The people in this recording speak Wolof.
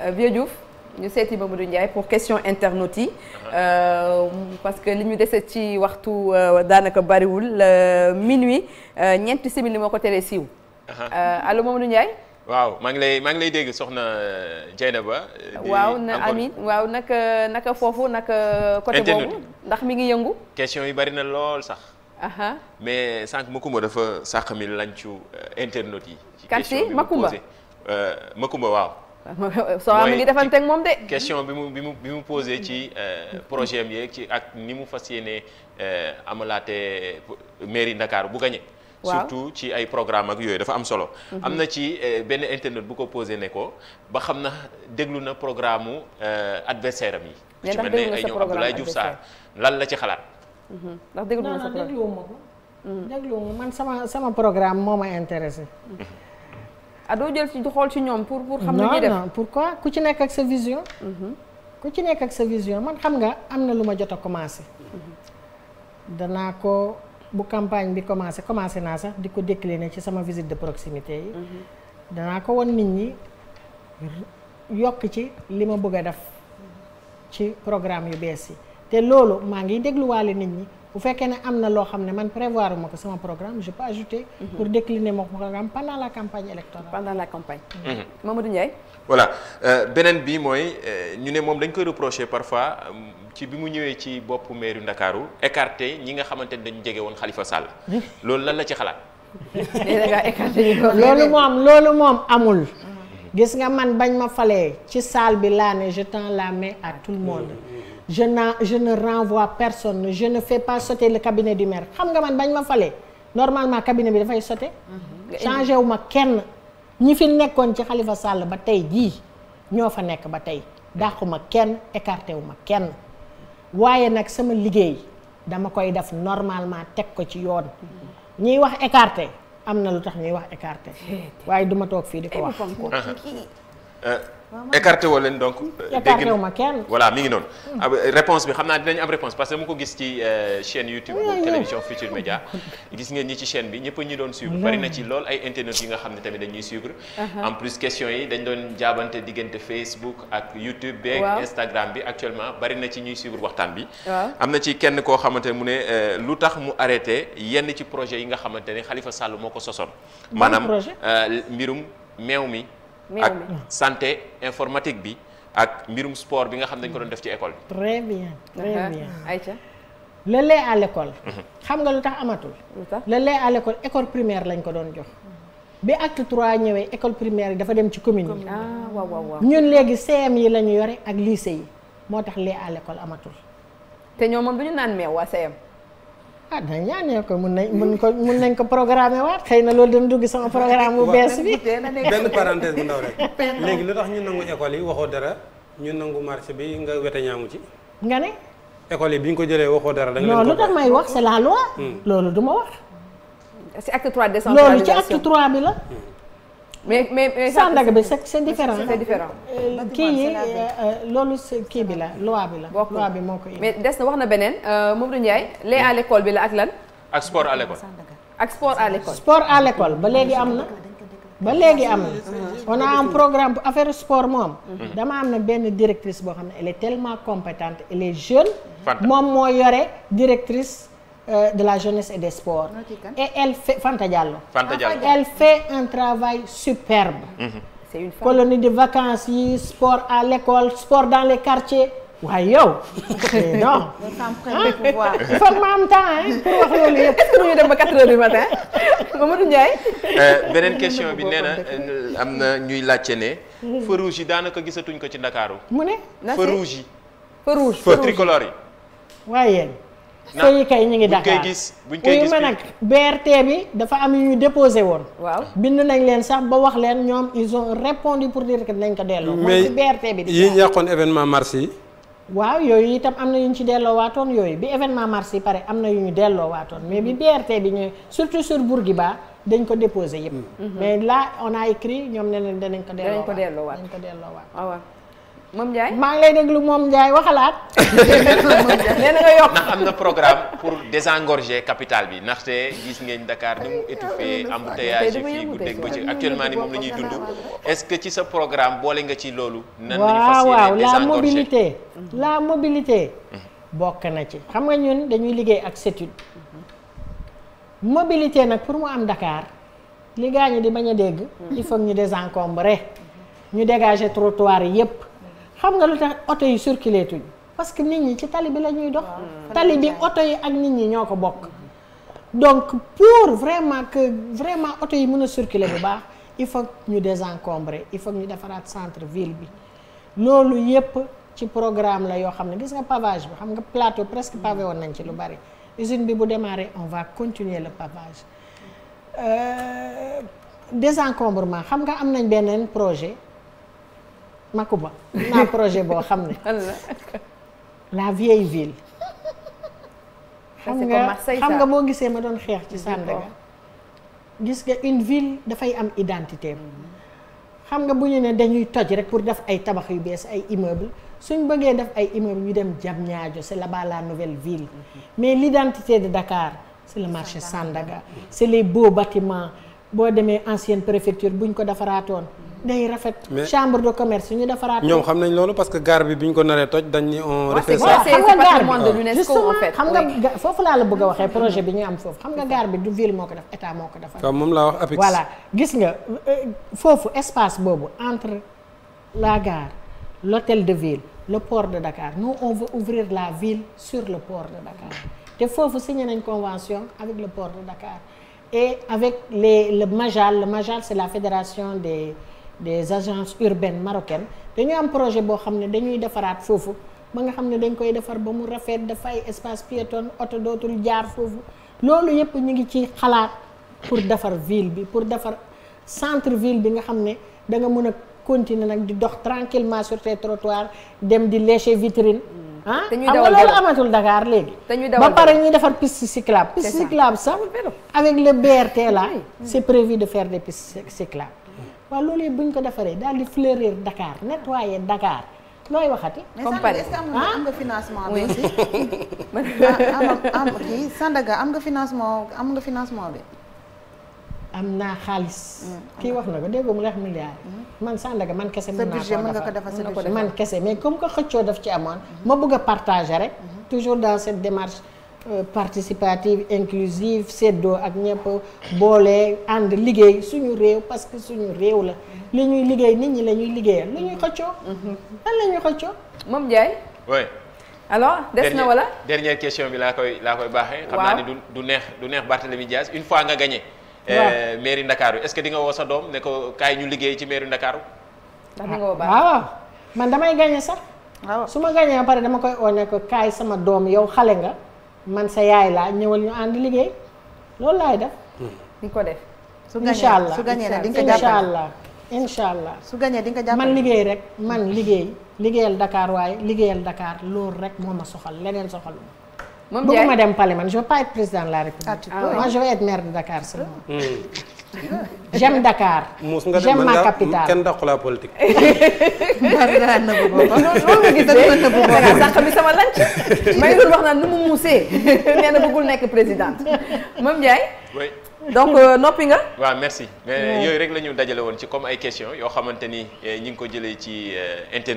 Euh, Vieux Diouf ñu seeti du Ndiaye pour question internautes yi uh-huh. euh, parce que li ñu dese ci waxtu euh, daanaka bariwul minuit ñeenti simili moo ko teree siiw. Uh-huh. allo Mamadou Ndiaye. waaw maa ngi lay maa ngi lay dégg soxna Dieynaba. waaw na Amine waaw naka naka foofu naka. côté boobu ndax mi ngi yëngu. question yi bari na lool sax. mais sànq Makumba dafa sàq mi lancu internautes yi. ci question bi mu posé Makumba waaw. soo amee li defante ak moom de. question bi mu bi mu bi mu posé ci euh, projet am yeeg ci ak ni mu fas yéene euh, amalaate mairie ndakaar bu gañe Waaw. surtout ci ay programme ak yooyu dafa am solo. Mhm. am na ci euh, benn internet bu ko posé ne ko ba xam na déglu na programme mu adversaire am yi. ku ci mel ne lan la ci xalaat. Mhm. ndax déglu na sa programme mhm. man sama sama programme moo ma intéressé. ah doo jël ci xool ci ñoom pour pour xam na ñuy def pour non ku ci nekk ak sa vision. Mhm. ku ci nekk ak sa vision man xam nga am na lu ma jot a commencé. Mhm. danaa ko bu campagne bi commencé commencé naa sax di ko décliner ci sama visite de proximité yi. Mhm. danaa ko won nit ñi yokk ci li ma bëgg a def ci programme yu bees yi. te loolu maa ngi dégluwaale nit ñi bu fekkee ne am na loo xam ne man prévoir ma ko sama programme je pas ajouter. Mhm. pour décliner mon programme pendant la campagne électorale. pendant la campagne. Mhm. Mamadou Ndiaye. voilà euh, beneen bi mooy euh, ñu ne moom dañ koy reprocher parfois euh, ci bi mu ñëwee ci boppu meru Ndakaaru écarté ñi nga xamante ne dañu jege woon xalifa Sall. loolu lan la ci xalaat. loolu moom loolu moom amul. gis nga man bañ ma falee ci salle bi laa ne je la mais à tout le monde. jeune na jeune ne renvoie personne je ne fais pas sauter le cabinet du maire xam nga man bañ ma falee normalement cabinet bi dafay sauter mhm. changé wu ma kenn ñi fi nekkoon ci xalifa sàll ba tey jii ñoo fa nekk ba tey dàquma kenn écarté wu ma kenn waaye nag sama liggéey dama koy def normalement teg ko ci yoon mhm. ñiy wax écarté am na lu tax ñuy wax écarté waaye duma toog fii di ko wax Euh, écarté wo leen donc. Euh, écarté wu ma kenn mi ngi noonu. Hmm. Ah, euh, réponse bi xam naa dinañ am réponse parce que mu ko gis ci chaîne YouTube bu télévision Futur Média gis ngeen ñi ci chaîne bi ñëpp ñu doon suivre. bari na ci lool ay internautes yi nga xam ne tamit dañuy suivre. Uh-huh. en plus questions yi dañ doon jaabante diggante Facebook ak YouTube. beeg Instagram bi actuellement bari na ci ñuy suivre waxtaan bi. am na ci kenn koo xamante ne mu ne lu tax mu arrêté yenn ci projet yi nga xamante ne Khalifa Sall moo ko sosoon. maanaam mbirum meew mi. ak santé informatique bi ak mbirum sport bi nga xam dañ ko doon def ci école bi. très bien très uh-huh. bien Aïcha. le à l'école uh-huh. xam nga lu tax amatul. le lait à l'école école primaire lañ ko doon jox. bi acte trois ñëwee école primaire yi dafa dem ci commune yi. ah waaw ñun léegi CM yi la ñu yore ak lycée yi moo tax lait à l'école amatul. te ñoo moom du ñu naan meew waa CM. ah dinañ ñaanee ko mun nañ mun ko mun nañ ko programmer waat xëy na loolu dina dugg sama programme bu bees bi. benn parenthèse bu ndaw rek. léegi lu tax ñu nangu école yi waxoo dara ñu nangu marché bi nga wete ñaamu ci. nga ne. école yi bi ñu ko jëlee waxoo dara. da nga non lu tax may wax c'est la loi. Hmm. loolu du ma wax. ci acte 3 décentralisation loolu ci acte 3 bi la. Hmm. mais mais Sandaga bi c'est différent c'est différent kii eh, yi eh, eh, loolu kii bi la loi bi la. loi bi moo ko mais wax na beneen Mamadou Ndiaye lait à l'école mm. bi la ak lan. ak sport à l'école. ak sport à l'école. sport ba léegi am na. ba léegi am na mm-hmm. Mm-hmm. on a un programme bu affaire sport moom mm-hmm. dama am na benn directrice boo xam ne elle est tellement compétente elle est jeune moom moo yore directrice Euh, de la jeunesse et des sports. et elle fait Fanta Diallo. Fanta ah, elle fait un travail superbe. Mm-hmm. colonie de vacances yi sport à l'école sport dans le quartiers. waaye yow. non. Ah. il ma am temps hein pour wax loolu yëpp est-ce que ñu dem ba 4 heures du matin Mamadou Ndiaye. Euh, beneen question bi nee na euh, am na ñuy laajte ne. Mm-hmm. feu yi daanaka gisatuñ ko ci Ndakaaru. mu ne. feu yi. feu yi. waaye yéen. sëy kay ñu ngi Dakar buñ koy gis ma nag BRT bi dafa am yu ñu déposé woon. waaw bind nañ leen sax ba wax leen ñoom ils ont répondu pour dire que nañ ko delloo. mais ci BRT bi. yi ñu yàqoon événement mars yi. waaw yooyu itam am na yu ñu ci delloowaatoon yooyu bi événement mars yi pare am na yu ñu delloowaatoon mais bi BRT bi ñëwee surtout sur Bourguiba dañ ko déposé yëpp. Mhm. mais là on a écrit ñoom ne leen danañ ko. delloowaat danañ ko delloowaat ah, waaw waaw. moom Ndiaye maa ngi lay déglu moom Ndiaye waxalaat. nee na nga yokk ndax am na programme pour désengorger capitale bi ndaxte gis ngeen dakaar ni mu étouffé embouteillage yi fii guddeeg bëccëg actuellement ni moom la ñuy dund est-ce que ci sa programme boole nga ci loolu. nan la ñu fas waaw la mobilité mhm. la mhm. bokk na ci xam nga ñun dañuy liggéey ak CETUD. Mhm. mobilité nag pour mu am Dakar li gaa ñi di bañ a dégg. il faut ñu désencombrer. ñu dégager trottoir yépp xam nga lu tax oto yi circulé tuñ parce que nit ñi ci tali bi la ñuy dox. Ah, tali bi oto yi ak nit ñi ñoo ko bokk. Mm-hmm. donc pour vraiment que vraiment oto yi mun a circuler bu baax il faut ñu désencombrer il faut ñu defaraat centre ville bi loolu yépp ci programme la yoo xam ne gis nga pavage bi xam nga plateau presque mm-hmm. pavé woon nañ ci lu bari usine bi bu démarrer on va continuer le pavage euh, désencombrement xam nga am nañ beneen projet. Makuba naa projet boo xam ne. la vieille ville. xam nga xam nga boo gisee ma doon xeex ci Sandaga. gis nga une ville dafay am identité xam nga bu ñu ne dañuy toj rek pour def ay tabax yu bees ay immeuble suñ bëggee def ay immeuble ñu dem Diamniadio c'est là-bas la nouvelle ville mhm. mais l'identité de dakaar c'est le marché Sandaga c'est les beaux batiment boo demee ancienne préfecture buñ ko defaraatoon day rafet. chambre de commerce ñu defaraat. ñoom xam nañ loolu parce que gare bi bi ko naree toj dañ ni on. refait ça xam nga gare bi justement xam nga foofu laa la bëgg waxee projet bi ñu am foofu xam nga gare bi du ville moo ko def état moo ko defal. waaw moom laa wax APIX. gis nga euh, foofu espace boobu entre la gare l'hôtel de ville le port de Dakar nous on veut ouvrir la ville sur le port de Dakar te foofu signé nañ convention avec le port de Dakar et avec les le Majal le Majal c'est la fédération des. des agences urbaines marocaines dañu am projet boo xam ne dañuy defaraat foofu ba nga xam ne dañ koy defar ba mu rafet dafay espace piéton oto dootul jaar foofu loolu yëpp ñu ngi ci xalaat pour defar ville bi pour defar centre ville bi nga xam ne da nga mën a continuer nag di dox tranquillement sur les trottoirs dem di lécher vitrine mm. ah xam nga loolu amatul Dakar léegi ba pare ñuy defar piste cyclable piste cyclable sax avec le BRT là c'est prévu de fair des pistes cyclables waaw loolu yëpp bu ñu ko defaree daal di fleurir Dakar nettoyer dakaar looy waxati. comme pare mais ah? am nga financement. bi aussi ah, am kii Sandaga am nga financement am nga financement bi. am naa xaalis. Mm, kii wax na ko déggoo mu neex milliards. Mm. man Sandaga man kese mën naa ko mën nga ko defar man kese mais comme que xëccoo def ci amoon. Mm-hmm. ma bëgg a rek. Mm-hmm. toujours dans cette démarche. participative inclusive seddoo ak ñëpp boole ànd liggéey suñu réew parce que suñu réew la li ñuy liggéey nit ñi la ñuy liggéeyal lu ñuy xëccoo. Mhm. lan la ñuy xëccoo. moom Ndiaye. oui. des na wala. dernière question bi laa koy laa koy baaxee. xam naa ni du neex du neex Barthélémy Dias une fois nga gagné. Euh, waaw mairie Ndakaaru est-ce que di nga woo sa doom ne ko kaay ñu liggéey ci mairie Ndakaaru. ndax di nga woo waaw ah, man damay gagné sax. Ah. su ma gagné ba pare dama koy oo ne kaay sama doom yow xale man sa yaay laa ñëwal ñu ànd liggéey loolu laay def. di ko def. su gañee allah su gañee nag di allah su gañee di nga jàppale man liggéey rek man liggéey liggéeyal Dakar waaye liggéeyal Dakar loolu rek moo ma soxal leneen soxalu ma. moom bëgguma dem palais man je veux président de la République. Ah, ah moi je veux être maire de j'aime Dakar. muus nga dem ma capitale kenn dàqu la politique. dara nëbbu boppam. sànq bi sama lanc. may doon wax naan nu mu muusee nee na bëggul nekk présidente Mame Ndiaye. donc euh, noppi nga. waaw merci mais yooyu rek la dajale woon ci comme ay questions yoo xamante ni eh, ñu ngi ko jële ci euh, internet.